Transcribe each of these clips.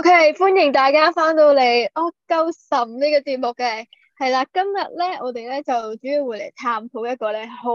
O.K. 歡迎大家翻到嚟《惡夠甚》呢個節目嘅，係啦，今日咧我哋咧就主要會嚟探討一個咧好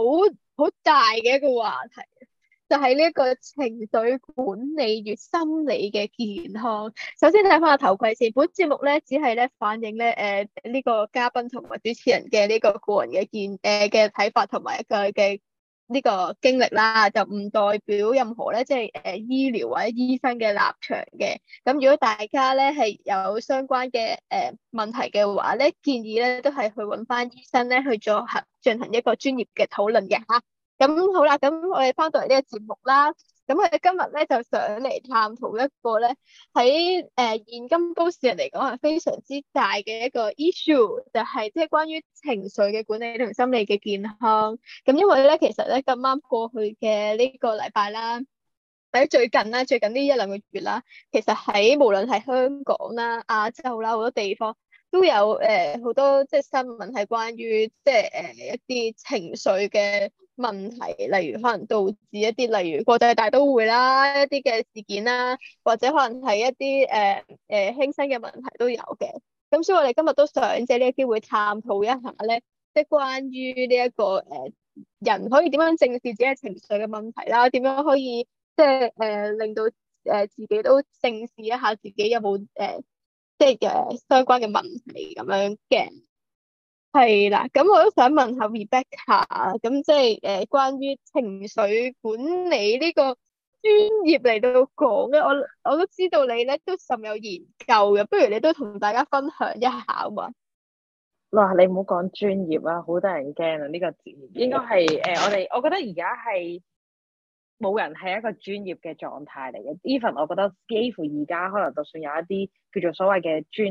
好大嘅一個話題，就係呢一個情緒管理與心理嘅健康。首先睇翻個頭盔先，本節目咧只係咧反映咧誒呢個嘉賓同埋主持人嘅呢個個人嘅見誒嘅睇法同埋一個嘅。呢個經歷啦，就唔代表任何咧，即係誒醫療或者醫生嘅立場嘅。咁如果大家咧係有相關嘅誒、呃、問題嘅話咧，建議咧都係去搵返醫生咧去做合，合進行一個專業嘅討論嘅嚇。咁好啦，咁我哋返到嚟呢個節目啦。咁我哋今日咧就想嚟探討一個咧喺誒現今都市人嚟講係非常之大嘅一個 issue，就係即係關於情緒嘅管理同心理嘅健康。咁因為咧，其實咧咁啱過去嘅呢個禮拜啦，喺最近啦，最近呢一兩個月啦，其實喺無論係香港啦、亞洲啦，好多地方。都有誒好多即係新聞係關於即係誒一啲情緒嘅問題，例如可能導致一啲例如國際大都會啦一啲嘅事件啦，或者可能係一啲誒誒輕生嘅問題都有嘅。咁所以我哋今日都想借呢個機會探討一下咧，即係關於呢一個誒人可以點樣正視自己嘅情緒嘅問題啦，點樣可以即係誒令到誒自己都正視一下自己有冇誒。呃即係嘅相關嘅問題咁樣嘅係啦，咁我都想問下 Rebecca，咁即係誒、呃、關於情緒管理呢個專業嚟到講咧，我我都知道你咧都甚有研究嘅，不如你都同大家分享一下嘛。哇，你唔好講專業啦，好多人驚啊！呢個節目應該係誒，我哋我覺得而家係。冇人係一個專業嘅狀態嚟嘅，even 我覺得幾乎而家可能就算有一啲叫做所謂嘅專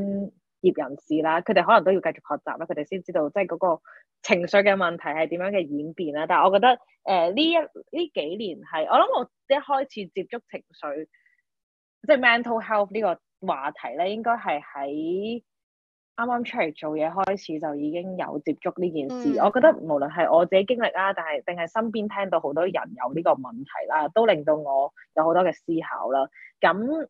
業人士啦，佢哋可能都要繼續學習啦，佢哋先知道即係嗰個情緒嘅問題係點樣嘅演變啦。但係我覺得誒呢、呃、一呢幾年係我諗我一開始接觸情緒，即係 mental health 呢個話題咧，應該係喺，啱啱出嚟做嘢開始就已經有接觸呢件事，嗯、我覺得無論係我自己經歷啦，但係定係身邊聽到好多人有呢個問題啦，都令到我有好多嘅思考啦。咁誒、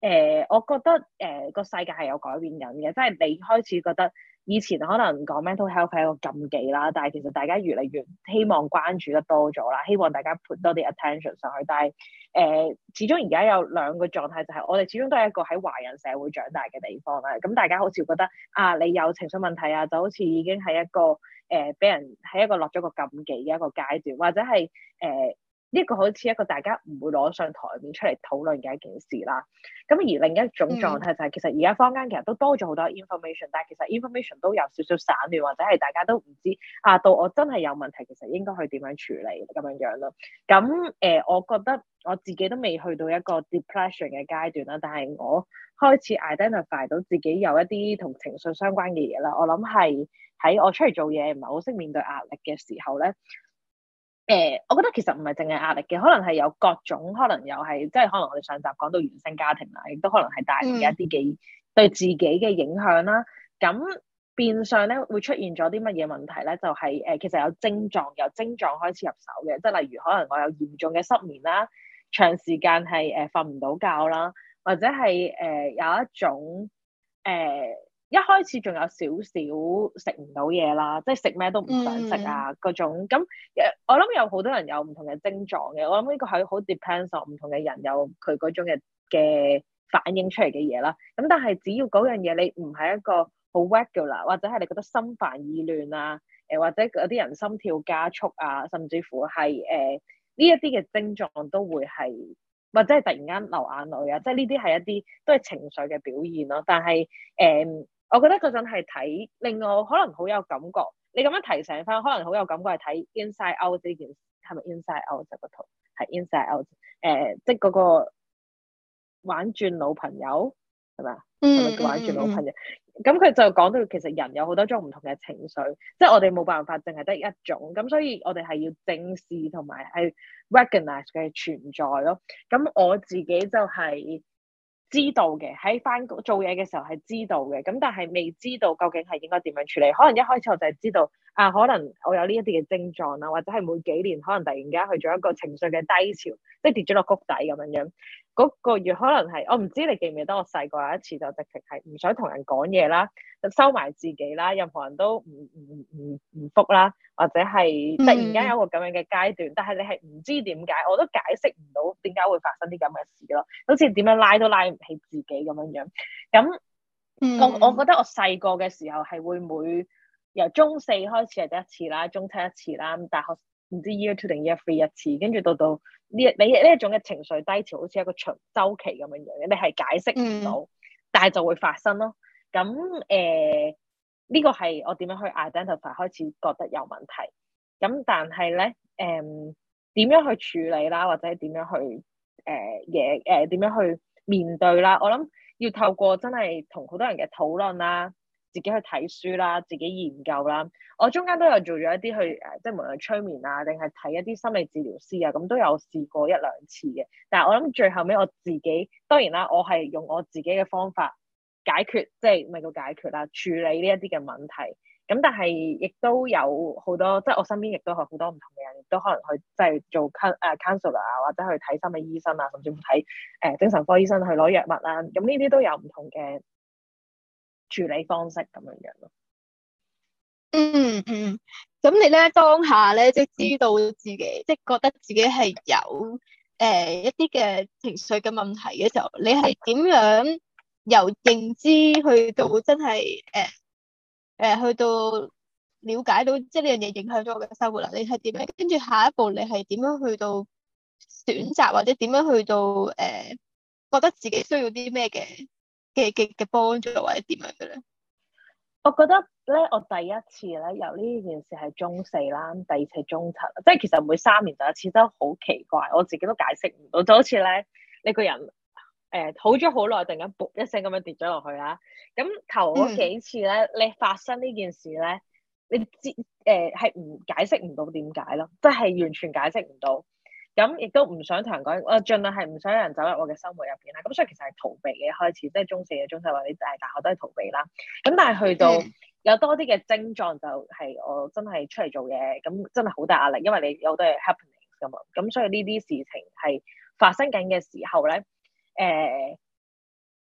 呃，我覺得誒個、呃、世界係有改變緊嘅，即係你開始覺得。以前可能講 mental health 係一個禁忌啦，但係其實大家越嚟越希望關注得多咗啦，希望大家 put 多啲 attention 上去。但係誒、呃，始終而家有兩個狀態，就係、係、我哋始終都係一個喺華人社會長大嘅地方啦。咁大家好似覺得啊，你有情緒問題啊，就好似已經係一個誒，俾、呃、人喺一個落咗個禁忌嘅一個階段，或者係誒。呃呢個好似一個大家唔會攞上台面出嚟討論嘅一件事啦。咁而另一種狀態就係、是嗯、其實而家坊間其實都多咗好多 information，但係其實 information 都有少少散亂，或者係大家都唔知，啊，到我真係有問題，其實應該去點樣處理咁樣樣咯。咁誒、呃，我覺得我自己都未去到一個 depression 嘅階段啦，但係我開始 identify 到自己有一啲同情緒相關嘅嘢啦。我諗係喺我出嚟做嘢唔係好識面對壓力嘅時候咧。誒、呃，我覺得其實唔係淨係壓力嘅，可能係有各種，可能又係即係可能我哋上集講到原生家庭啦，亦都可能係帶嚟一啲幾對自己嘅影響啦。咁、嗯、變相咧會出現咗啲乜嘢問題咧？就係、是、誒、呃，其實有症狀，由症狀開始入手嘅，即係例如可能我有嚴重嘅失眠啦，長時間係誒瞓唔到覺啦，或者係誒、呃、有一種誒。呃一開始仲有少少食唔到嘢啦，即係食咩都唔想食啊嗰、mm. 種咁，誒我諗有好多人有唔同嘅症狀嘅。我諗呢個係好 depends on 唔、哦、同嘅人有佢嗰種嘅嘅反應出嚟嘅嘢啦。咁但係只要嗰樣嘢你唔係一個好 regular 或者係你覺得心煩意亂啊，誒、呃、或者有啲人心跳加速啊，甚至乎係誒呢一啲嘅症狀都會係或者係突然間流眼淚啊，即係呢啲係一啲都係情緒嘅表現咯、啊。但係誒。呃我覺得嗰陣係睇，令我可能好有感覺。你咁樣提醒翻，可能好有感覺係睇 Inside Out 呢件事，係咪 Inside Out 嗰套？係 Inside Out 誒、呃，即係嗰個玩轉老朋友係咪啊？係、mm hmm. 玩轉老朋友？咁佢就講到其實人有好多種唔同嘅情緒，即係我哋冇辦法淨係得一種。咁所以我哋係要正視同埋係 recognize 佢嘅存在咯。咁我自己就係、是。知道嘅喺翻工做嘢嘅時候係知道嘅，咁但係未知道究竟係應該點樣處理。可能一開始我就係知道。啊，可能我有呢一啲嘅症狀啦，或者係每幾年可能突然間去咗一個情緒嘅低潮，即係跌咗落谷底咁樣樣。嗰、那個月可能係我唔知你記唔記得，我細個有一次就直情係唔想同人講嘢啦，就收埋自己啦，任何人都唔唔唔唔唔覆啦，或者係突然間有一個咁樣嘅階段，mm. 但係你係唔知點解，我都解釋唔到點解會發生啲咁嘅事咯，好似點樣拉都拉唔起自己咁樣樣。咁我我覺得我細個嘅時候係會每。由中四開始係得一次啦，中七一次啦，咁大學唔知 year two 定 year three 一次，跟住到到呢一呢呢一種嘅情緒低潮，好似一個長周期咁樣樣嘅，你係解釋唔到，嗯、但係就會發生咯。咁誒呢個係我點樣去 identify 開始覺得有問題。咁但係咧，誒、呃、點樣去處理啦，或者點樣去誒嘢誒點樣去面對啦？我諗要透過真係同好多人嘅討論啦。自己去睇書啦，自己研究啦。我中間都有做咗一啲去誒，即係無論催眠啊，定係睇一啲心理治療師啊，咁都有試過一兩次嘅。但係我諗最後尾我自己，當然啦，我係用我自己嘅方法解決，即係咪叫解決啦？處理呢一啲嘅問題。咁但係亦都有好多，即係我身邊亦都有好多唔同嘅人，亦都可能去即係做 counselor 啊，呃、或者去睇心理醫生啊，甚至乎睇誒精神科醫生去攞藥物啦。咁呢啲都有唔同嘅。處理方式咁樣樣咯，嗯。嗯嗯，咁你咧當下咧，即、就、係、是、知道自己，即、就、係、是、覺得自己係有誒、呃、一啲嘅情緒嘅問題嘅時候，你係點樣由認知去到真係誒誒去到了解到即係呢樣嘢影響咗我嘅生活啦？你係點樣？跟住下一步你係點樣去到選擇或者點樣去到誒、呃、覺得自己需要啲咩嘅？嘅嘅嘅幫助或者點樣嘅咧？我覺得咧，我第一次咧由呢件事係中四啦，第二次係中七，即係其實每三年就一次，都好奇怪，我自己都解釋唔到，就好似咧你個人誒、呃、好咗好耐，突然間卟一聲咁樣跌咗落去啦。咁頭嗰幾次咧，嗯、你發生呢件事咧，你接誒係唔解釋唔到點解咯？即係完全解釋唔到。咁亦都唔想同人講，我盡量係唔想有人走入我嘅生活入邊啦。咁所以其實係逃避嘅開始，即係中四嘅中四或者大大學都係逃避啦。咁但係去到有多啲嘅症狀，就係、是、我真係出嚟做嘢，咁真係好大壓力，因為你有好多嘢 happening 咁嘛。咁所以呢啲事情係發生緊嘅時候咧，誒、呃，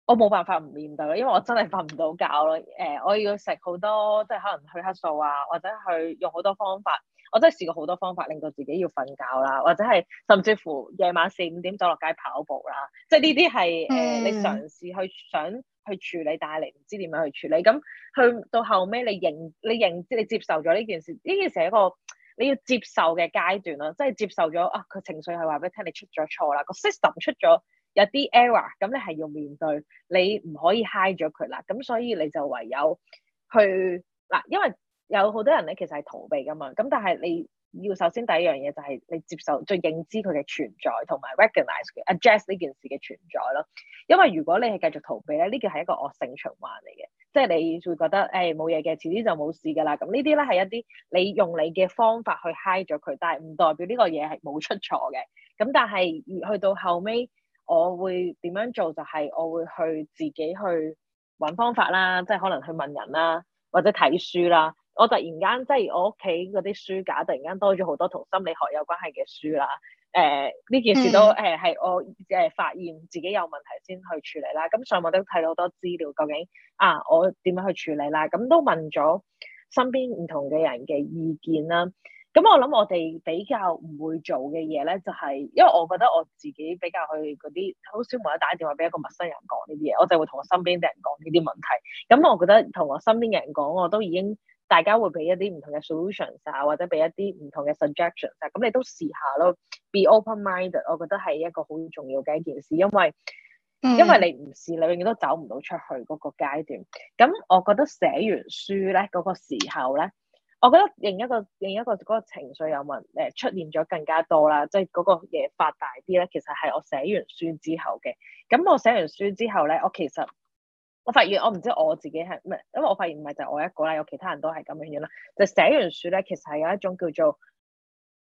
我冇辦法唔面對咯，因為我真係瞓唔到覺咯。誒、呃，我要食好多，即係可能褪黑素啊，或者去用好多方法。我真係試過好多方法，令到自己要瞓覺啦，或者係甚至乎夜晚四五點走落街跑步啦，即係呢啲係誒你嘗試去想去處理，但係你唔知點樣去處理。咁去到後尾，你認你認知你接受咗呢件事，呢件事係一個你要接受嘅階段咯，即係接受咗啊，佢情緒係話俾你聽，你出咗錯啦，個 system 出咗有啲 error，咁你係要面對，你唔可以 hide 咗佢啦。咁所以你就唯有去嗱、啊，因為。有好多人咧，其實係逃避噶嘛。咁但係你要首先第一樣嘢就係你接受，就認知佢嘅存在同埋 recognize、address 呢件事嘅存在咯。因為如果你係繼續逃避咧，呢個係一個惡性循環嚟嘅，即係你會覺得誒冇嘢嘅，遲啲就冇事噶啦。咁呢啲咧係一啲你用你嘅方法去 hide 咗佢，但係唔代表呢個嘢係冇出錯嘅。咁但係去到後尾，我會點樣做就係我會去自己去揾方法啦，即係可能去問人啦，或者睇書啦。我突然間即係我屋企嗰啲書架突然間多咗好多同心理學有關係嘅書啦。誒、呃、呢件事都誒係、嗯、我誒發現自己有問題先去處理啦。咁、嗯、上網都睇到好多資料，究竟啊我點樣去處理啦？咁、嗯、都問咗身邊唔同嘅人嘅意見啦。咁、嗯、我諗我哋比較唔會做嘅嘢咧，就係因為我覺得我自己比較去嗰啲好少冇得打電話俾一個陌生人講呢啲嘢，我就會同我身邊啲人講呢啲問題。咁、嗯、我覺得同我身邊嘅人講我都已經。大家會俾一啲唔同嘅 solutions 啊，或者俾一啲唔同嘅 suggestions 啊，咁你都試下咯。Be open-minded，我覺得係一個好重要嘅一件事，因為因為你唔試，你永遠都走唔到出去嗰個階段。咁我覺得寫完書咧嗰個時候咧，我覺得另一個另一個嗰個情緒有問誒出現咗更加多啦，即係嗰個嘢發大啲咧。其實係我寫完書之後嘅。咁我寫完書之後咧，我其實。我發現我唔知我自己係咩，因為我發現唔係就係我一個啦，有其他人都係咁樣樣啦。就寫完書咧，其實係有一種叫做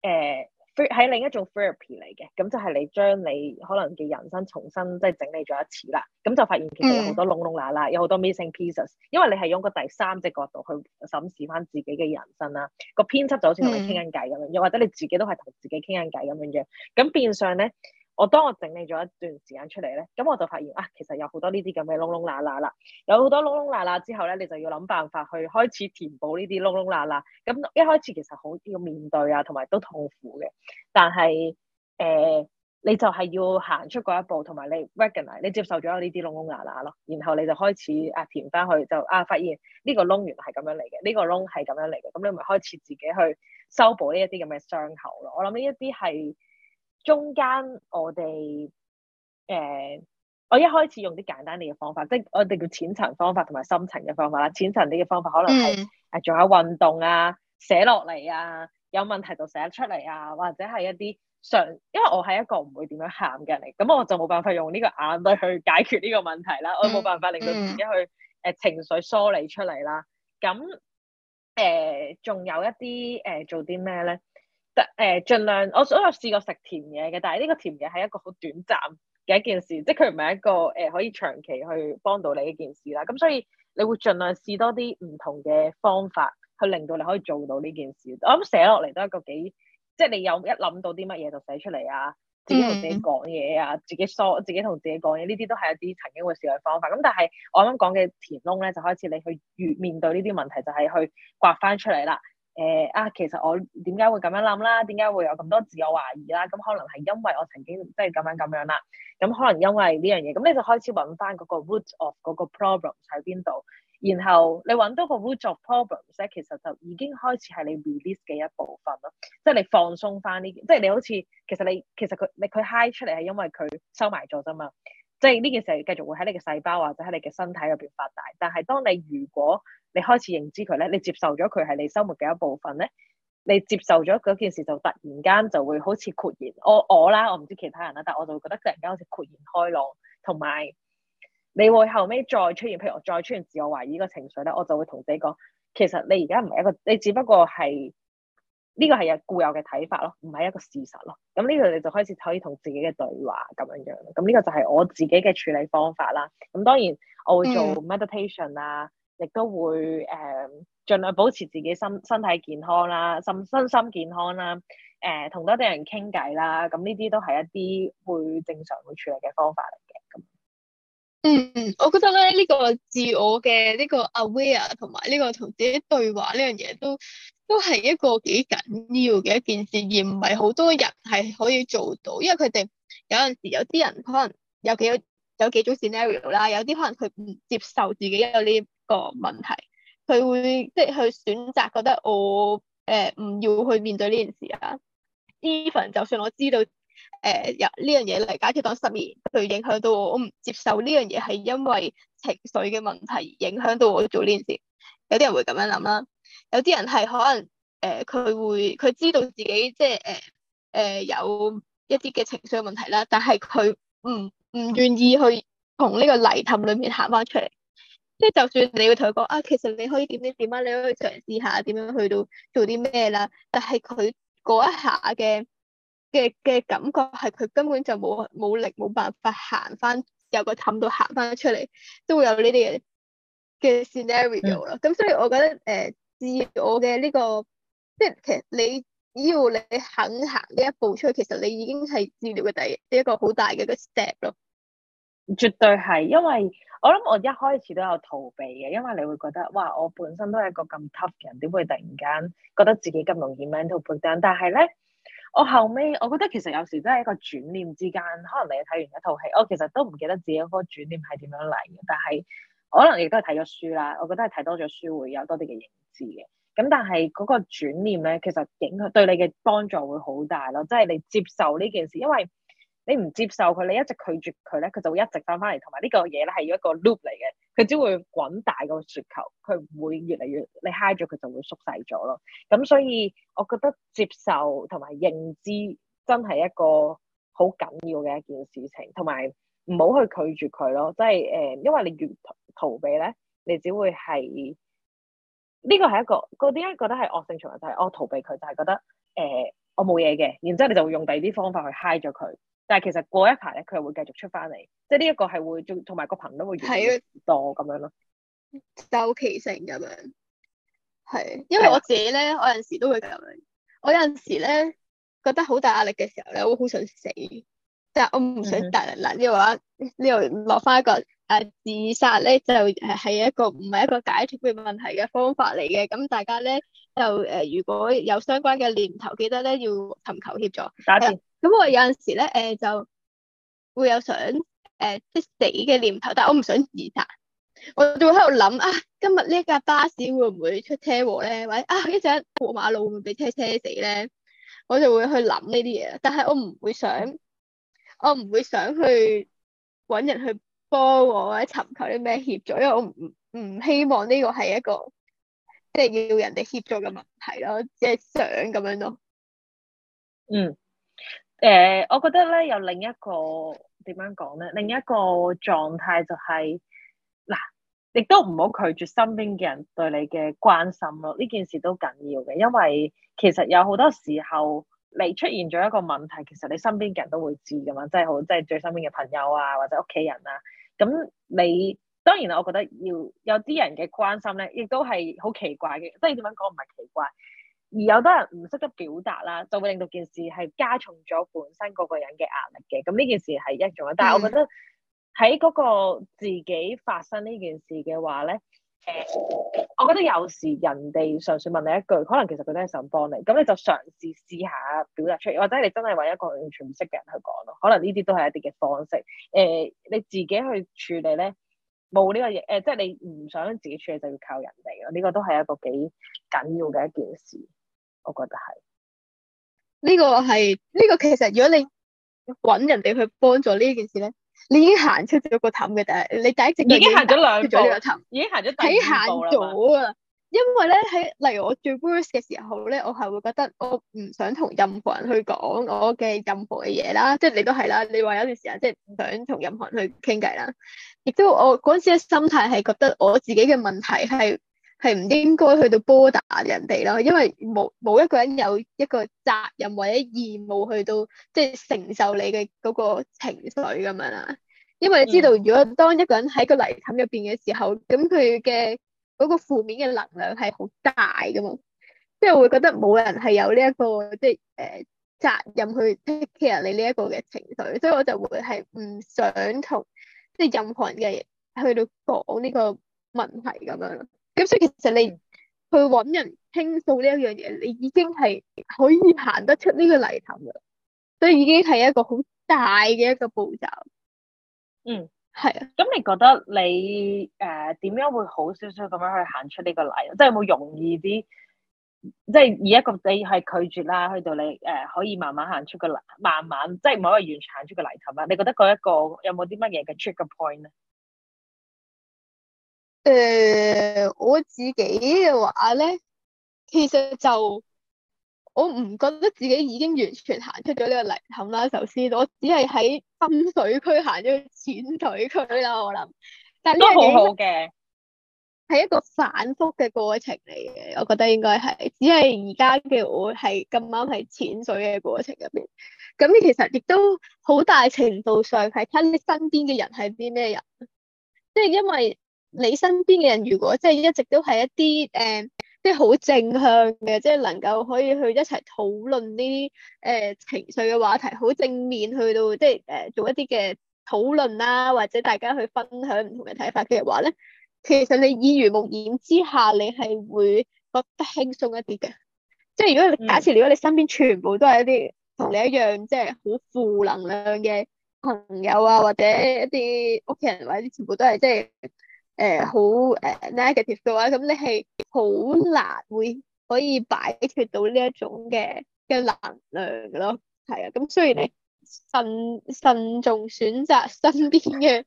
誒，喺、呃、另一種 therapy 嚟嘅。咁就係你將你可能嘅人生重新即係、就是、整理咗一次啦。咁就發現其實有好多窿窿罅罅，有好多 missing pieces。因為你係用個第三隻角度去審視翻自己嘅人生啦。個編輯就好似同你傾緊偈咁樣，又、嗯、或者你自己都係同自己傾緊偈咁樣嘅。咁變相咧。我當我整理咗一段時間出嚟咧，咁我就發現啊，其實有好多呢啲咁嘅窿窿罅罅啦，有好多窿窿罅罅之後咧，你就要諗辦法去開始填補呢啲窿窿罅罅。咁一開始其實好要面對啊，同埋都痛苦嘅。但係誒、呃，你就係要行出嗰一步，同埋你 recognize，你接受咗呢啲窿窿罅罅咯，然後你就開始啊填翻去就啊發現呢個窿原來係咁樣嚟嘅，呢、呢個窿係咁樣嚟嘅，咁你咪開始自己去修補呢一啲咁嘅傷口咯。我諗呢一啲係。中間我哋誒、呃，我一開始用啲簡單啲嘅方法，即係我哋叫淺層方法同埋深層嘅方法啦。淺層啲嘅方法可能係誒做下運動啊，寫落嚟啊，有問題就寫出嚟啊，或者係一啲常，因為我係一個唔會點樣喊嘅人嚟，咁我就冇辦法用呢個眼淚去解決呢個問題啦。我冇辦法令到自己去誒、呃、情緒梳理出嚟啦。咁誒，仲、呃、有一啲誒、呃，做啲咩咧？誒，盡量我我有試過食甜嘢嘅，但係呢個甜嘢係一個好短暫嘅一件事，即係佢唔係一個誒、呃、可以長期去幫到你嘅一件事啦。咁所以你會盡量試多啲唔同嘅方法，去令到你可以做到呢件事。我諗寫落嚟都係一個幾，即係你有一諗到啲乜嘢就寫出嚟啊，自己同自己講嘢啊、mm. 自，自己梳，自己同自己講嘢，呢啲都係一啲曾經會試嘅方法。咁但係我啱啱講嘅填窿咧，就開始你去遇面對呢啲問題，就係、是、去刮翻出嚟啦。誒啊，其實我點解會咁樣諗啦？點解會有咁多自我懷疑啦？咁可能係因為我曾經即係咁樣咁樣啦。咁可能因為呢樣嘢，咁你就開始揾翻嗰個 root of 嗰個 problems 喺邊度。然後你揾到個 root of problems 咧，其實就已經開始係你 release 嘅一部分咯。即係你放鬆翻呢，即係你好似其實你其實佢你佢 high 出嚟係因為佢收埋咗啫嘛。即係呢件事繼續會喺你嘅細胞或者喺你嘅身體入邊發大，但係當你如果你開始認知佢咧，你接受咗佢係你生活嘅一部分咧，你接受咗嗰件事就突然間就會好似豁然，我我啦，我唔知其他人啦，但係我就會覺得突然間好似豁然開朗，同埋你會後尾再出現，譬如我再出現自我懷疑個情緒咧，我就會同自己講，其實你而家唔係一個，你只不過係。呢個係有固有嘅睇法咯，唔係一個事實咯。咁呢度你就開始可以同自己嘅對話咁樣樣咯。咁、這、呢個就係我自己嘅處理方法啦。咁當然我會做 meditation 啊，亦都會誒盡、嗯、量保持自己身身體健康啦，心身，身心健康啦。誒、呃，同多啲人傾偈啦。咁呢啲都係一啲會正常去處理嘅方法嚟嘅。咁嗯嗯，我覺得咧呢、這個自我嘅呢、這個 aware 同埋呢個同自己對話呢樣嘢都。都係一個幾緊要嘅一件事，而唔係好多人係可以做到，因為佢哋有陣時有啲人可能有幾個有幾種 scenario 啦，有啲可能佢唔接受自己一有呢個問題，佢會即係去選擇覺得我誒唔、呃、要去面對呢件事啊。Even 就算我知道誒有呢樣嘢嚟，呃這個、假設當失眠佢影響到我，我唔接受呢樣嘢係因為情緒嘅問題影響到我做呢件事，有啲人會咁樣諗啦。有啲人係可能誒，佢、呃、會佢知道自己即係誒誒有一啲嘅情緒問題啦，但係佢唔唔願意去從呢個泥凼裏面行翻出嚟。即、就、係、是、就算你會同佢講啊，其實你可以點點點啊，你可以嘗試下點樣去到做啲咩啦，但係佢嗰一下嘅嘅嘅感覺係佢根本就冇冇力冇辦法行翻由個氹度行翻出嚟，都會有呢啲嘅嘅 scenario 啦。咁所以我覺得誒。呃知我嘅呢、呢個，即係其實你，只要你肯行呢一步出去，其實你已經係治療嘅第一個好大嘅一個 step 咯。絕對係，因為我諗我一開始都有逃避嘅，因為你會覺得哇，我本身都係一個咁 tough 嘅人，點會突然間覺得自己咁容易 mental breakdown？但係咧，我後尾我覺得其實有時都係一個轉念之間，可能你睇完一套戲，我其實都唔記得自己嗰個轉念係點樣嚟嘅，但係。可能亦都係睇咗書啦，我覺得係睇多咗書會有多啲嘅認知嘅。咁但係嗰個轉念咧，其實影響對你嘅幫助會好大咯。即係你接受呢件事，因為你唔接受佢，你一直拒絕佢咧，佢就會一直翻翻嚟。同埋呢個嘢咧係要一個 loop 嚟嘅，佢只會滾大個雪球，佢唔會越嚟越你嗨咗，佢就會縮細咗咯。咁所以我覺得接受同埋認知真係一個好緊要嘅一件事情，同埋。唔好去拒絕佢咯，即係誒，因為你越逃避咧，你只會係呢個係一個個點樣覺得係惡性循環，就係、是、我逃避佢，就係覺得誒、呃、我冇嘢嘅，然之後你就會用第二啲方法去嗨咗佢，但係其實過一排咧，佢又會繼續出翻嚟，即係呢一個係會仲同埋個頻率會越多咁樣咯，週期性咁樣，係，因為我自己咧，是我有陣時都會咁樣，我有陣時咧覺得好大壓力嘅時候咧，我會好想死。但我唔想大嗱、mm hmm. 啊、呢個呢個落翻一個誒自殺咧，就係一個唔係一個解決嘅問題嘅方法嚟嘅。咁大家咧就誒、呃，如果有相關嘅念頭，記得咧要尋求協助。咁開、嗯、我有陣時咧誒、呃、就會有想誒即、呃、死嘅念頭，但係我唔想自殺，我就會喺度諗啊，今日呢架巴士會唔會出車禍咧？或者啊，一陣過馬路會唔會俾車車死咧？我就會去諗呢啲嘢，但係我唔會想。我唔會想去揾人去幫我或者尋求啲咩協助，因為我唔唔希望呢個係一個即係、就是、要人哋協助嘅問題咯，即係想咁樣咯。嗯。誒、呃，我覺得咧有另一個點樣講咧，另一個狀態就係、是、嗱，亦都唔好拒絕身邊嘅人對你嘅關心咯。呢件事都緊要嘅，因為其實有好多時候。你出現咗一個問題，其實你身邊嘅人都會知㗎嘛，即係好，即係最身邊嘅朋友啊，或者屋企人啊。咁你當然啦，我覺得要有啲人嘅關心咧，亦都係好奇怪嘅，即係點樣講唔係奇怪，而有啲人唔識得表達啦，就會令到件事係加重咗本身嗰個人嘅壓力嘅。咁呢件事係一種，但係我覺得喺嗰個自己發生呢件事嘅話咧。嗯誒、嗯，我覺得有時人哋嘗試問你一句，可能其實佢都係想幫你，咁你就嘗試試下表達出嚟，或者你真係揾一個完全唔識嘅人去講咯，可能呢啲都係一啲嘅方式。誒、呃，你自己去處理咧，冇呢個嘢，誒、呃，即係你唔想自己處理就要靠人哋咯，呢、這個都係一個幾緊要嘅一件事，我覺得係。呢個係呢、這個其實如果你搵人哋去幫助呢件事咧。你已經行出咗個氹嘅第一，你第一隻已經行咗兩個氹，已經行咗第二步啦嘛。喺行咗啊，因為咧喺例如我最 worst 嘅時候咧，我係會覺得我唔想同任何人去講我嘅任何嘅嘢啦，即係你都係啦。你話有段時間即係唔想同任何人去傾偈啦，亦都我嗰時嘅心態係覺得我自己嘅問題係。係唔應該去到波打人哋咯，因為冇冇一個人有一個責任或者義務去到即係、就是、承受你嘅嗰個情緒咁樣啊。因為你知道，如果當一個人喺個泥潭入邊嘅時候，咁佢嘅嗰個負面嘅能量係好大嘅嘛。即、就、係、是、會覺得冇人係有呢、這、一個即係誒責任去 take care 你呢一個嘅情緒，所以我就會係唔想同即係任何人嘅去到講呢個問題咁樣咯。咁所以其實你去揾人傾訴呢一樣嘢，你已經係可以行得出呢個泥潭噶，所以已經係一個好大嘅一個步驟。嗯，係啊。咁你覺得你誒點樣會好少少咁樣去行出呢個泥，即係有冇容易啲？即係而一個你係拒絕啦，去到你誒可以慢慢行出個泥，慢慢即係唔可以完全行出個泥潭啦。你覺得嗰一個有冇啲乜嘢嘅 trick 嘅 point 啊？誒、呃，我自己嘅話咧，其實就我唔覺得自己已經完全行出咗呢個泥坑啦，首先我，我只係喺深水區行咗淺水區啦，我諗。但係都好好嘅。係一個反復嘅過程嚟嘅，我覺得應該係，只係而家嘅我係咁啱係淺水嘅過程入邊。咁其實亦都好大程度上係睇你身邊嘅人係啲咩人，即、就、係、是、因為。你身邊嘅人，如果即係一直都係一啲誒、呃，即係好正向嘅，即係能夠可以去一齊討論呢啲誒情緒嘅話題，好正面去到即係誒、呃、做一啲嘅討論啦，或者大家去分享唔同嘅睇法嘅話咧，其實你耳濡目染之下，你係會覺得輕鬆一啲嘅。即係如果你、嗯、假設如果你身邊全部都係一啲同你一樣即係好負能量嘅朋友啊，或者一啲屋企人，或者全部都係即係。誒好誒 negative 嘅話，咁你係好難會可以擺脫到呢一種嘅嘅能量嘅咯，係啊，咁所以你慎慎重選擇身邊嘅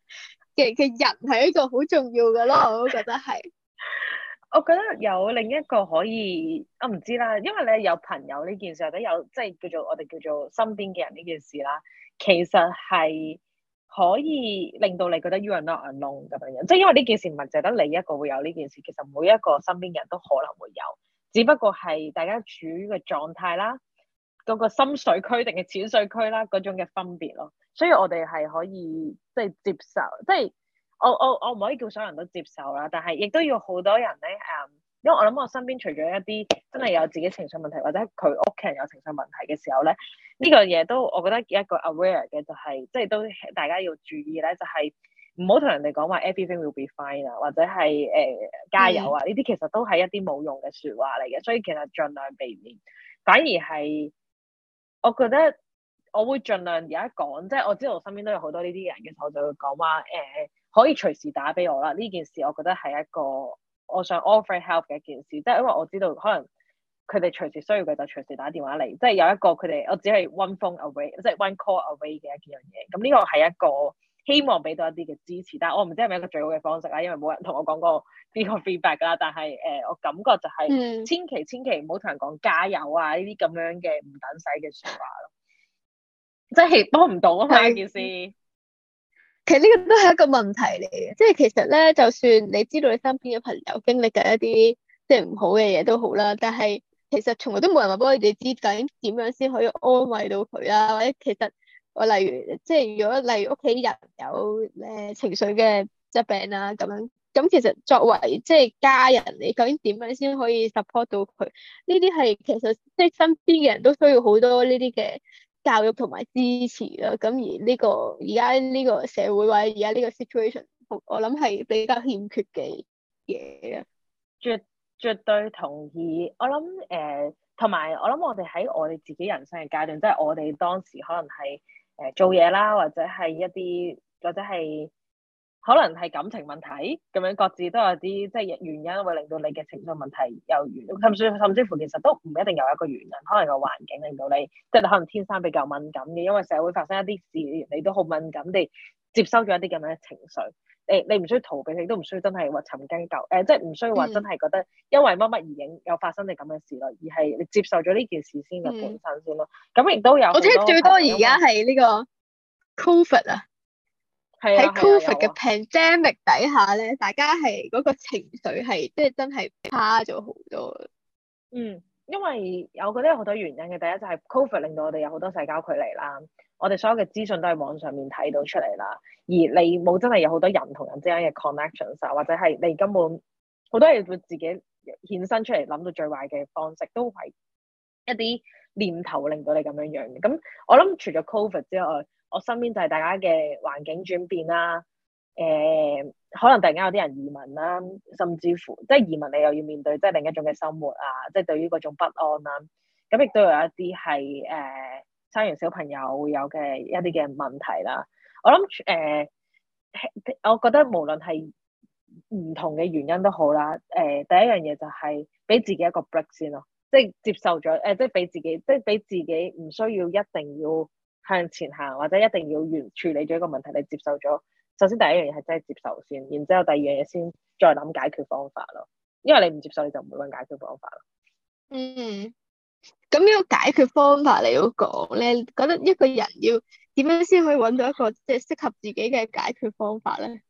嘅嘅人係一個好重要嘅咯，我都覺得係。 我覺得有另一個可以，我唔知啦，因為你有朋友呢件事，或者有即係叫做我哋叫做身邊嘅人呢件事啦，其實係。可以令到你覺得 you are not alone 咁樣樣，即係因為呢件事唔係淨得你一個會有呢件事，其實每一個身邊人都可能會有，只不過係大家處於嘅狀態啦，嗰個深水區定係淺水區啦嗰種嘅分別咯，所以我哋係可以即係接受，即係我我我唔可以叫所有人都接受啦，但係亦都要好多人咧誒。Um, 因為我諗我身邊除咗一啲真係有自己情緒問題，或者佢屋企人有情緒問題嘅時候咧，呢個嘢，都我覺得一個 aware 嘅就係，即係都大家要注意咧，就係唔好同人哋講話 everything will be fine 啊，或者係誒加油啊，呢啲其實都係一啲冇用嘅說話嚟嘅，所以其實盡量避免，反而係我覺得我會盡量而家講，即係我知道我身邊都有好多呢啲人嘅時候，就會講話誒可以隨時打俾我啦，呢件事我覺得係一個。我想 offer help 嘅一件事，即係因為我知道可能佢哋隨時需要嘅就隨時打電話嚟，即係有一個佢哋我只係 one phone away，即係 one call away 嘅一樣嘢。咁呢個係一個希望俾到一啲嘅支持，但係我唔知係咪一個最好嘅方式啦，因為冇人同我講過呢個 feedback 啦。但係誒、呃，我感覺就係、是嗯、千祈千祈唔好同人講加油啊呢啲咁樣嘅唔等使嘅説話咯，即係幫唔到啊嘛是呢件事。其實呢個都係一個問題嚟嘅，即係其實咧，就算你知道你身邊嘅朋友經歷緊一啲即係唔好嘅嘢都好啦，但係其實從來都冇人話俾你哋知究竟點樣先可以安慰到佢啦，或者其實我例如即係如果例如屋企人有誒情緒嘅疾病啊咁樣，咁其實作為即係、就是、家人，你究竟點樣先可以 support 到佢？呢啲係其實即係、就是、身邊嘅人都需要好多呢啲嘅。教育同埋支持啦，咁而呢個而家呢個社會或者而家呢個 situation，我我諗係比較欠缺嘅嘢。係啊，絕絕對同意。我諗誒，同埋我諗我哋喺我哋自己人生嘅階段，即係我哋當時可能係誒做嘢啦，或者係一啲或者係。可能係感情問題，咁樣各自都有啲即係原因，會令到你嘅情緒問題有源，甚至甚至乎其實都唔一定有一個原因，可能個環境令到你，即係你可能天生比較敏感嘅，因為社會發生一啲事，你都好敏感地接收咗一啲咁樣嘅情緒，你你唔需要逃避，你都唔需要真係話尋根究，誒、呃，即係唔需要話真係覺得因為乜乜而影有發生你咁嘅事咯，而係你接受咗呢件事先嘅、嗯、本身先咯，咁亦都有很多很多。我聽最多而家係呢個 COVID 啊。喺 Covid 嘅 pandemic 底下咧，啊啊啊、大家係嗰、嗰個情緒係即係真係差咗好多。嗯，因為有我覺得有好多原因嘅，第一就係、係、Covid 令到我哋有好多社交距離啦，我哋所有嘅資訊都喺網上面睇到出嚟啦，而你冇真係有好多人同人之間嘅 connections 啊，或者係你根本好多嘢會自己衍生出嚟，諗到最壞嘅方式都係一啲念頭令到你咁樣樣。咁我諗除咗 Covid 之外，我身邊就係大家嘅環境轉變啦，誒、呃，可能突然間有啲人移民啦，甚至乎即係移民你又要面對即係另一種嘅生活啊，即係對於嗰種不安啦。咁亦都有一啲係誒生完小朋友會有嘅一啲嘅問題啦。我諗誒、呃，我覺得無論係唔同嘅原因都好啦。誒、呃，第一樣嘢就係俾自己一個 break 先咯，即係接受咗，誒、呃，即係俾自己，即係俾自己唔需要一定要向前行，或者一定要完處理咗一個問題，你接受咗。首先第一樣嘢係真係接受先，然之後第二樣嘢先再諗解決方法咯。因為你唔接受，你就唔會揾解決方法咯。嗯，咁呢個解決方法嚟到講咧，你覺得一個人要點樣先可以揾到一個即係適合自己嘅解決方法咧？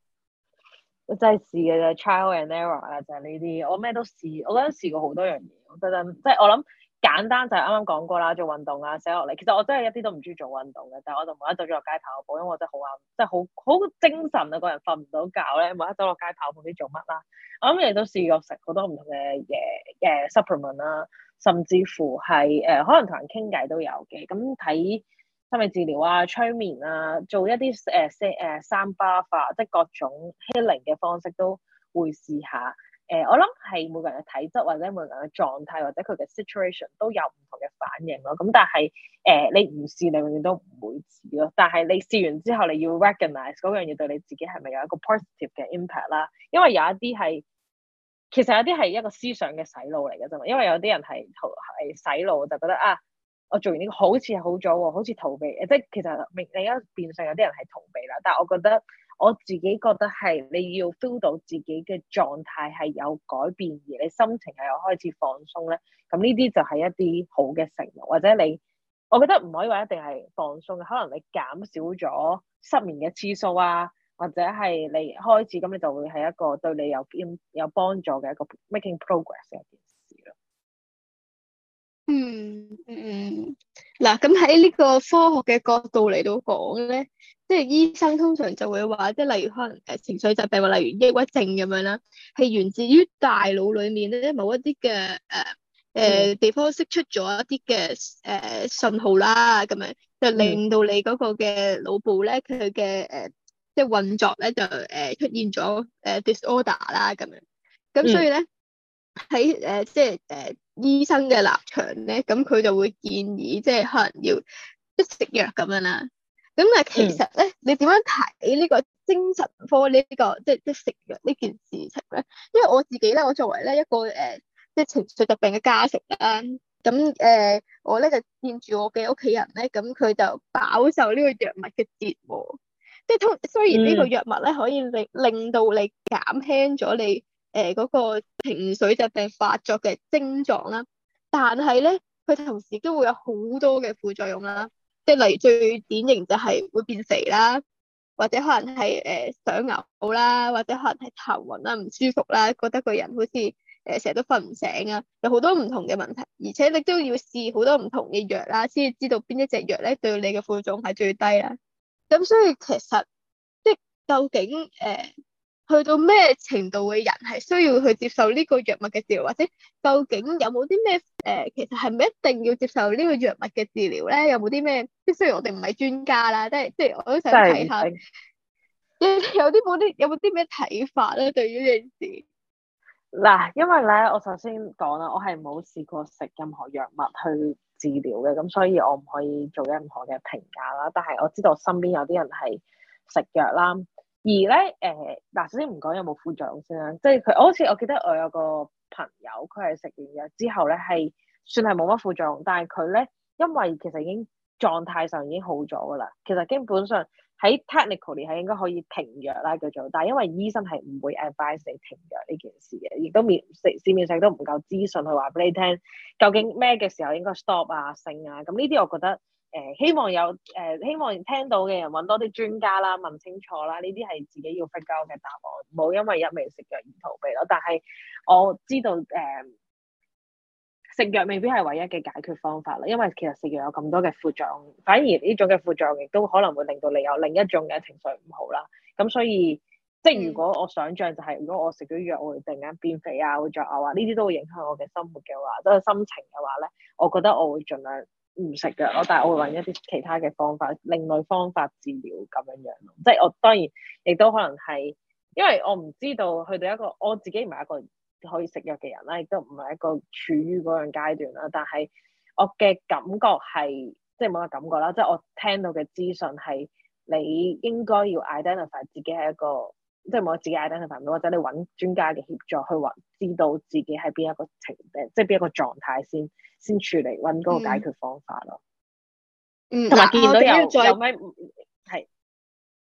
我真係試嘅啫，trial and error 啊，就係呢啲。我咩都試，我覺得試過好多樣嘢。我覺得即係我諗。簡單就係啱啱講過啦，做運動啊、寫落嚟。其實我真係一啲都唔中意做運動嘅，但係我就無一到咗落街跑步，因為我真係好啱，真係好好精神啊，個人瞓唔到覺咧，無一到落街跑步唔知做乜啦。我諗亦都試過食好多唔同嘅嘢，誒、yeah, yeah, supplement 啦，甚至乎係誒、呃、可能同人傾偈都有嘅。咁睇心理治療啊、催眠啊，做一啲誒誒 sound bath，即係各種 healing 嘅方式都會試下。誒、呃，我諗係每個人嘅體質或者每個人嘅狀態或者佢嘅 situation 都有唔同嘅反應咯。咁但係誒、呃，你唔試，你永遠都唔會知咯。但係你試完之後，你要 recognize 嗰樣嘢對你自己係咪有一個 positive 嘅 impact 啦。因為有一啲係其實有啲係一個思想嘅洗腦嚟嘅啫嘛。因為有啲人係逃係洗腦就覺得啊，我做完呢、呢個好似係好早喎，好似逃避，即係其實而家變相有啲人係逃避啦。但係我覺得。我自己覺得係你要 feel 到自己嘅狀態係有改變，而你心情係有開始放鬆咧，咁呢啲就係一啲好嘅成績，或者你我覺得唔可以話一定係放鬆嘅，可能你減少咗失眠嘅次數啊，或者係你開始咁，你就會係一個對你有有幫助嘅一個 making progress 嘅一件事咯，嗯。嗯嗯，嗱咁喺呢個科學嘅角度嚟到講咧。即係醫生通常就會話，即係例如可能誒情緒疾病或例如抑鬱症咁樣啦，係源自於大腦裡面咧某一啲嘅誒誒地方釋出咗一啲嘅誒信號啦，咁樣就令到你嗰個嘅腦部咧佢嘅誒即係運作咧就誒出現咗誒、呃、disorder 啦咁樣。咁所以咧喺誒即係誒、呃、醫生嘅立場咧，咁佢就會建議即係可能要即食藥咁樣啦。咁啊，嗯、其實咧，你點樣睇呢個精神科呢、這、呢個即係即係食藥呢件事情咧？因為我自己咧，我作為咧一個誒，即、呃、係、就是、情緒疾病嘅家屬啦，咁、嗯、誒、呃，我咧就見住我嘅屋企人咧，咁佢就飽受呢個藥物嘅折磨。即係通雖然呢個藥物咧可以令令到你減輕咗你誒嗰、呃、那個情緒疾病發作嘅症狀啦，但係咧，佢同時都會有好多嘅副作用啦。即係例如最典型就係會變肥啦，或者可能係誒、呃、想嘔啦，或者可能係頭暈啦，唔舒服啦，覺得個人好似誒成日都瞓唔醒啊，有好多唔同嘅問題，而且你都要試好多唔同嘅藥啦，先知道邊一隻藥咧對你嘅副作用係最低啦。咁所以其實即係究竟誒。呃去到咩程度嘅人係需要去接受呢個藥物嘅治療，或者究竟有冇啲咩誒，其實係咪一定要接受個藥呢個藥物嘅治療咧？有冇啲咩，即係雖然我哋唔係專家啦，即係即係我都想睇下，是 有有啲冇啲有冇啲咩睇法咧，啊？對於呢件事，嗱，因為咧，我首先講啦，我係冇試過食任何藥物去治療嘅，咁所以我唔可以做任何嘅評價啦。但係我知道身邊有啲人係食藥啦。而咧，誒嗱，首先唔講有冇副作用先啦，即係佢，好似我記得我有個朋友，佢係食完藥之後咧，係算係冇乜副作用，但係佢咧，因為其實已經狀態上已經好咗噶啦，其實基本上喺 technical 嚟係應該可以停藥啦叫做，但係因為醫生係唔會 advise 你停藥呢件事嘅，亦都面市市面上都唔夠資訊去話俾你聽，究竟咩嘅時候應該 stop 啊，停啊，咁呢啲我覺得。誒、呃，希望有誒、呃，希望聽到嘅人揾多啲專家啦，問清楚啦，呢啲係自己要分析嘅答案，唔好因為一味食藥而逃避咯。但係我知道誒、呃，食藥未必係唯一嘅解決方法啦，因為其實食藥有咁多嘅副作用，反而呢種嘅副作用亦都可能會令到你有另一種嘅情緒唔好啦。咁所以，即係如果我想象就係、是，嗯、如果我食咗藥，我會突然間變肥啊，會作嘔啊，呢啲都會影響我嘅生活嘅話，都係心情嘅話咧，我覺得我會盡量。唔食藥咯，我但係我會搵一啲其他嘅方法，另類方法治療咁樣樣咯，即係我當然亦都可能係，因為我唔知道去到一個，我自己唔係一個可以食藥嘅人啦，亦都唔係一個處於嗰樣階段啦，但係我嘅感覺係，即係冇乜感覺啦，即係我聽到嘅資訊係，你應該要 identify 自己係一個。即係冇自己嗌單去辦到，或者你揾專家嘅協助去話知道自己係邊一個情，誒即係邊一個狀態，先先處理揾嗰個解決方法咯。嗯，同埋見到有、嗯、有咩？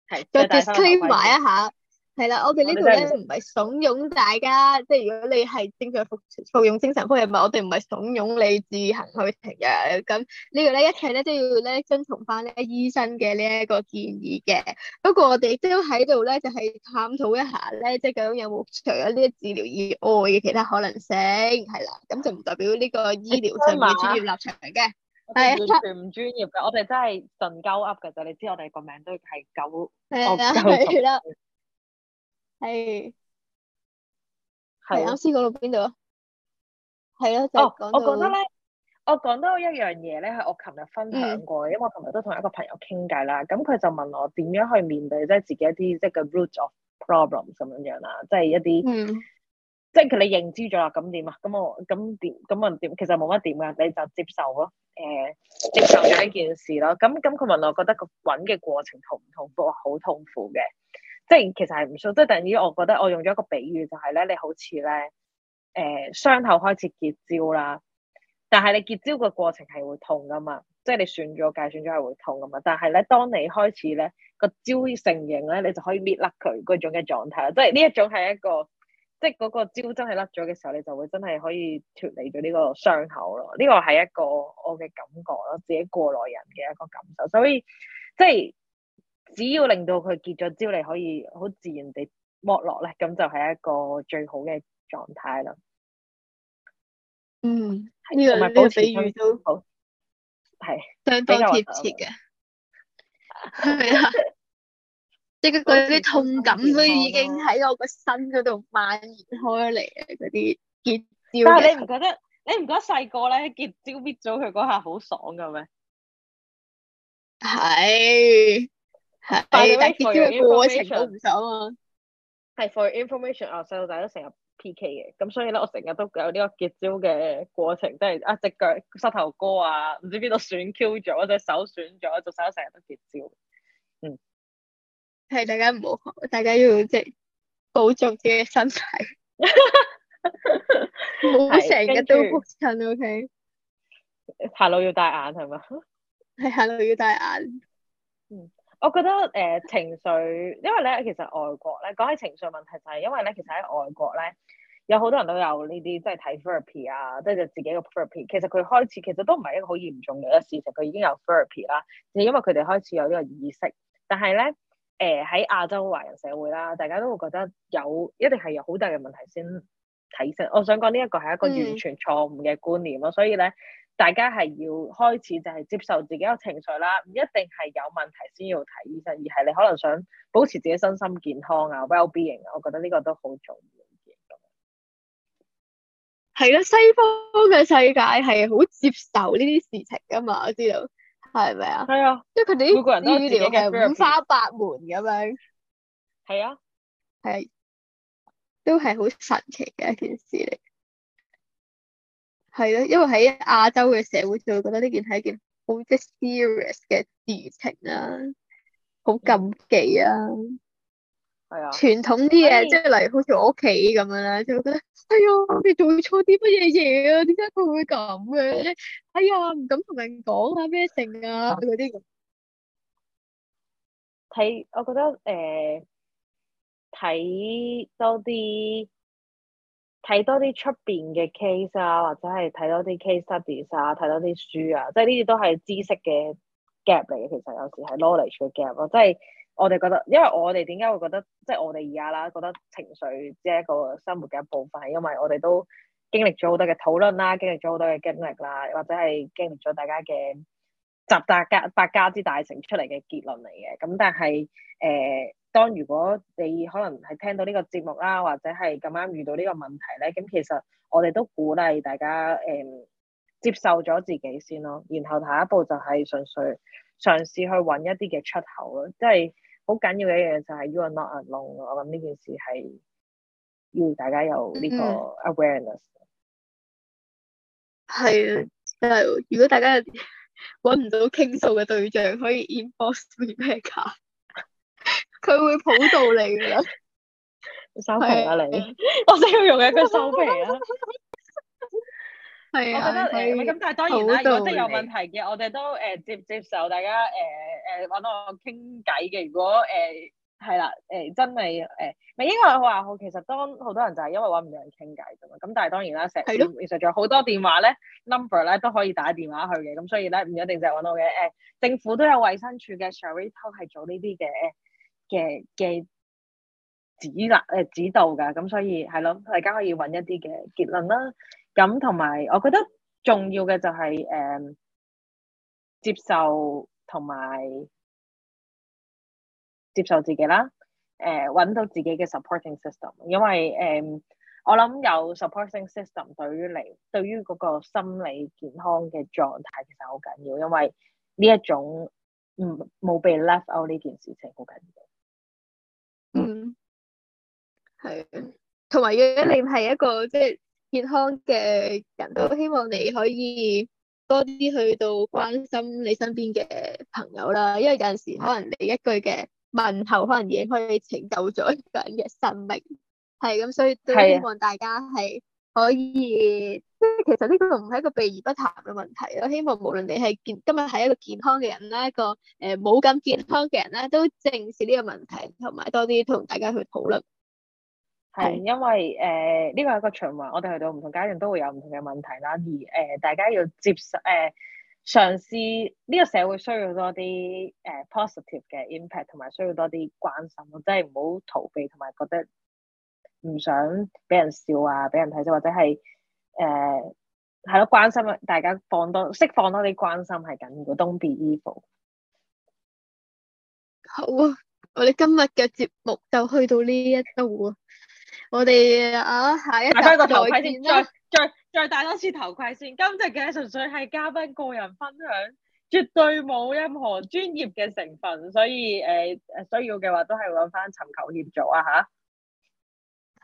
係再 display 埋一下。係啦，我哋呢度咧唔係慫恿大家，即係如果你係正常服服用精神科藥物，我哋唔係慫恿你自行去停藥。咁呢度咧一切咧都要咧遵從翻咧醫生嘅呢一個建議嘅。不過我哋都喺度咧就係探討一下咧，即係究竟有冇除咗呢個治療以外嘅其他可能性？係啦，咁就唔代表呢個醫療上面專業立場嘅，係完全唔專業嘅。我哋真係盡鳩 up 噶，就你知我哋個名都係九惡九熟。係，係啱先講到邊度啊？係咯，就是、講哦，我覺得咧，我講到一樣嘢咧，係我琴日分享過，嗯、因為我琴日都同一個朋友傾偈啦，咁佢就問我點樣去面對即係自己一啲即係個 roots of problems 咁樣樣啦，即係一啲，嗯、即係佢你認知咗啦，咁點啊？咁我咁點咁啊點？其實冇乜點啊，你就接受咯，誒、呃，接受咗呢件事咯。咁咁佢問我覺得個搵嘅過程痛唔痛苦啊？好痛苦嘅。即係其實係唔舒服，即係等於我覺得我用咗一個比喻，就係咧，你好似咧，誒，傷口開始結焦啦，但係你結焦個過程係會痛噶嘛，即係你算咗計，算咗係會痛噶嘛，但係咧當你開始咧、那個焦成形咧，你就可以搣甩佢嗰種嘅狀態啦，即係呢一種係一個即係嗰個焦真係甩咗嘅時候，你就會真係可以脫離咗呢個傷口咯，呢個係一個我嘅感覺咯，自己過來人嘅一個感受，所以即係。就是只要令到佢結咗焦嚟，你可以好自然地剝落咧，咁就係一個最好嘅狀態啦。嗯，呢是、這個呢比喻，都好係是相當貼切嘅。係啊，即係啲痛感都已經喺我個身嗰度蔓延開嚟嗰啲結焦，但係你唔覺得你唔覺得細個咧，結焦搣咗佢嗰下好爽㗎咩？係。 係，但係結招嘅過程都唔爽啊。係 for information，我細路仔都成日 PK 嘅，咁所以咧，我成日都有呢個結招嘅過程，即係一隻腳膝頭哥啊，唔知邊度損 Q 咗，隻手損咗，就使成日都結招。嗯，係大家唔好，大家要即係保重自己身體，我成日都扑親。O K。行 Okay? 路要戴眼係嘛？係行路要戴眼。我覺得誒、呃、情緒，因為咧其實外國咧講起情緒問題就係因為咧其實喺外國咧有好多人都有呢啲即係睇 therapy 啊，即係自己嘅 therapy。其實佢開始其實都唔係一個好嚴重嘅一個事情，佢已經有 therapy 啦。就係因為佢哋開始有呢個意識，但係咧誒喺亞洲華人社會啦，大家都會覺得有一定係有好大嘅問題先睇診。我想講呢一個係一個完全錯誤嘅觀念咯，所以咧。大家係要開始就係接受自己嘅情緒啦，唔一定係有問題先要睇醫生，而係你可能想保持自己身心健康啊，well being 啊，我覺得呢個都好重要嘅。係啦，西方嘅世界係好接受呢啲事情㗎嘛，我知道係咪啊？係啊，即係佢哋每個人都有自己五花八門咁樣。係啊，係，都係好神奇嘅一件事嚟。係咯，因為喺亞洲嘅社會就會覺得呢件係一件好即係 serious 嘅事情啊，好禁忌啊。係啊、哎呀。傳統啲嘢，以即係例如好似我屋企咁樣咧，就會覺得哎呀，你做錯啲乜嘢嘢啊？點解佢會咁嘅？哎呀，唔敢同人講啊，咩性、哎、啊啲咁。睇、啊，我覺得誒，睇、呃、多啲。睇多啲出面嘅 case 啊，或者係睇多啲 case studies 啊，睇多啲書啊，即係呢啲都係知識嘅 gap 嚟嘅，其實有時係 knowledge 嘅 gap 咯。即係我哋覺得，因為我哋點解會覺得，即係我哋而家啦，覺得情緒即係一個生活嘅一部分，係因為我哋都經歷咗好多嘅討論啦，經歷咗好多嘅經歷啦，或者係經歷咗大家嘅集大家百家之大成出嚟嘅結論嚟嘅。咁但係誒。呃當如果你可能係聽到呢個節目啦，或者係咁啱遇到呢個問題咧，咁其實我哋都鼓勵大家誒、嗯、接受咗自己先咯，然後下一步就係純粹嘗試去揾一啲嘅出口咯，即係好緊要嘅一樣就係 You are not alone。我諗呢件事係要大家有呢個 awareness。係啊、嗯，就係如果大家揾唔到傾訴嘅對象，可以 inbox me。佢會抱到你噶啦，收皮啦你，的我想要用一句收皮啦。 的我啊，得你咁？但係當然啦，如果真有問題嘅，我哋都誒、呃、接接受大家誒誒揾我傾偈嘅。如果誒係啦，誒、呃啊呃、真係誒，咪、呃、應該話好。其實當好多人就係因為揾唔到人傾偈啫嘛。咁但係當然啦，成其實仲有好多電話咧，number 咧都可以打電話去嘅。咁所以咧，唔一定就係揾我嘅。誒、欸，政府都有衞生處嘅 Sherry t 係做呢啲嘅。嘅嘅指啦，誒、呃、指導㗎，咁、嗯、所以係咯，大家可以揾一啲嘅結論啦。咁同埋我覺得重要嘅就係、是、誒、嗯、接受同埋接受自己啦。誒、嗯、揾到自己嘅 supporting system，因為誒、嗯、我諗有 supporting system 對於你對於個心理健康嘅狀態其實好緊要，因為呢一種嗯冇被 left out 呢件事情好緊要。嗯，係同埋如果你係一個即係、就是、健康嘅人，都希望你可以多啲去到關心你身邊嘅朋友啦，因為有陣時可能你一句嘅問候，可能已經可以拯救咗一個人嘅生命，係咁，所以都希望大家係。可以，即係其實呢個唔係一個避而不談嘅問題咯。我希望無論你係健今日係一個健康嘅人啦，一個誒冇咁健康嘅人啦，都正視呢個問題，同埋多啲同大家去討論。係是是因為誒呢個係一個循環，我哋去到唔同階段都會有唔同嘅問題啦。而誒、呃、大家要接受誒、呃，嘗試呢、呢個社會需要多啲誒、呃、positive 嘅 impact，同埋需要多啲關心，即係唔好逃避同埋覺得。唔想俾人笑啊，俾人睇笑，或者係誒係咯，關心大家放多釋放多啲關心係緊要。Don't be evil，好啊！我哋今日嘅節目就去到呢一度啊！我哋啊，下一,一個頭盔先，再再再戴多次頭盔先。今集嘅純粹係嘉賓個人分享，絕對冇任何專業嘅成分，所以誒誒、呃、需要嘅話，都係揾翻尋求協助啊吓？